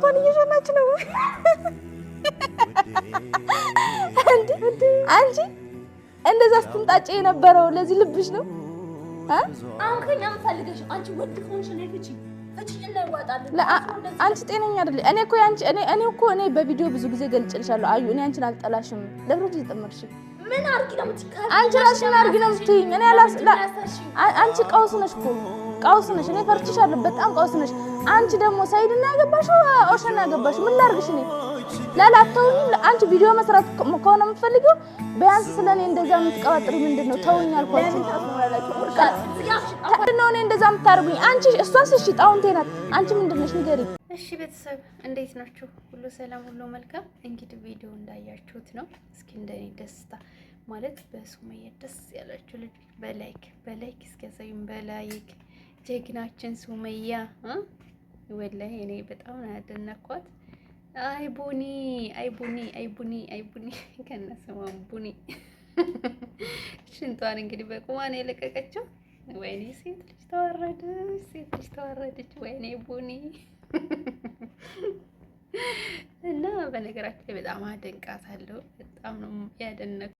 ልጅቷን እየሸናች ነው አንቺ እንደዛ ስትምጣጭ የነበረው ለዚህ ልብሽ ነው። አሁን ከኛ ምፈልገሽ አንቺ ወንድ ሆንሽ አንቺ ጤነኛ አይደለ። እኔ እኮ አንቺ እኔ እኔ እኮ እኔ በቪዲዮ ብዙ ጊዜ ገልጭልሻለሁ። አዩ እኔ አንቺን አልጠላሽም። ለብረት እየጠመድሽ ምን አንቺ ራስሽ ምን አርጊ ነው የምትይኝ? እኔ አላስ አንቺ ቀውስ ነሽ እኮ ቀውስ ነሽ። እኔ ፈርችሻለሁ። በጣም ቀውስ ነሽ። አንቺ ደግሞ ሳይድ እና ያገባሽው ኦሸን ያገባሽው ምን ላርግሽ? እኔ ላላተውኝ አንቺ ቪዲዮ መስራት ከሆነ የምትፈልጊው ቢያንስ ስለኔ እንደዛ የምትቀባጥሪ ምንድን ነው? ተውኝ አልኳችሁ። እንደዛ የምታደርጉኝ አንቺ? እሷስ እሺ ጣውንቴ ናት። አንቺ ምንድን ነሽ ንገሪ። እሺ ቤተሰብ እንዴት ናችሁ? ሁሉ ሰላም፣ ሁሉ መልካም። እንግዲህ ቪዲዮ እንዳያችሁት ነው። እስኪ እንደኔ ደስታ ማለት በሱመያ ደስ ያላችሁ ልጆች በላይክ በላይክ እስኪያሳዩኝ፣ በላይክ ጀግናችን ሱመያ ወላሂ እኔ በጣም ነው ያደነኳት። አይ ቡኒ አይ ቡኒ አይ ቡኒ አይ ቡኒ ከነሰማም ቡኒ ሽንቷን እንግዲህ በቁማ ነው የለቀቀችው። ወይኔ ሴት ልጅ ተዋረደች፣ ሴት ልጅ ተዋረደች። ወይኔ ቡኒ እና በነገራችን ላይ በጣም አደንቃታለሁ። በጣም ነው ያደነኩ።